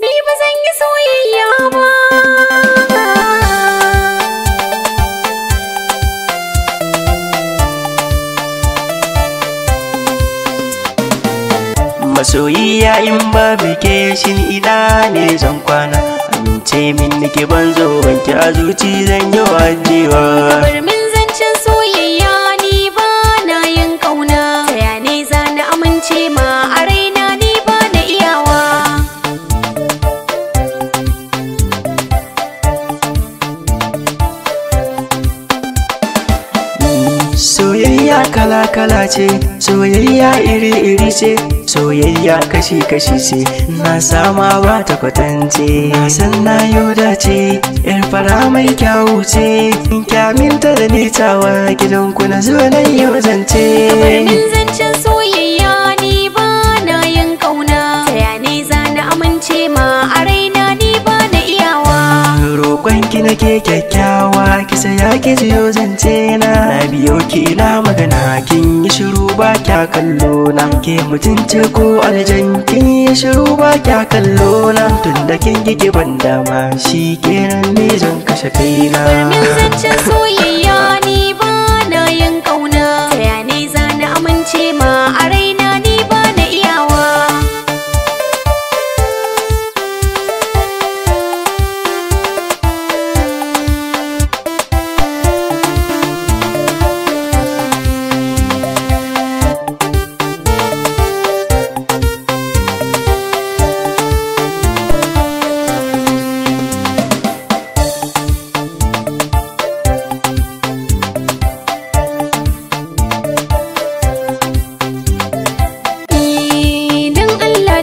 Ni ba zan yi soyayya ba Masoyiya in babu ke shin ina ne zan kwana Amince min nake ban zo banki a zuci zan yi wajewa kala-kala ce soyayya iri-iri ce soyayya kashi-kashi ce na sama ba ta kwatance na san na yoda ce yar fara mai kyawu ce in kyaminta da ni tawa gidanku na zo nan yau zance nake kyakkyawa ba ki saya ki jiyo zance na na biyo ki na magana kin yi shiru ba kya kallo na ke mutunce ko aljan kin yi shiru ba kya kallo na tun da kin yi ban dama shi kenan ne zan kashe na. Domin zancen soyayya ne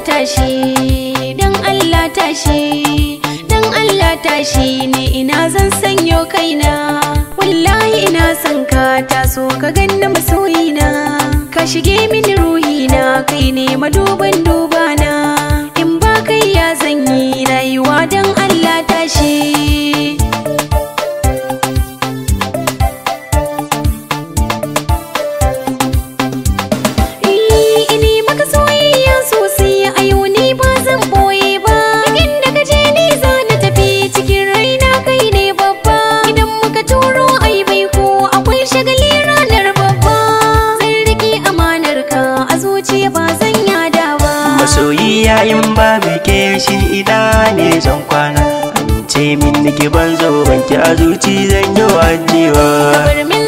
tashi dan Allah tashi dan Allah tashi ne ina zan sanyo kaina wallahi ina son ka taso ka ganna masoyina ka shige mini ruhina kai ne maduban Ya'yan in babu ke shi ida ne zan kwana ce min nake ban zo banki a zuci zan yi wa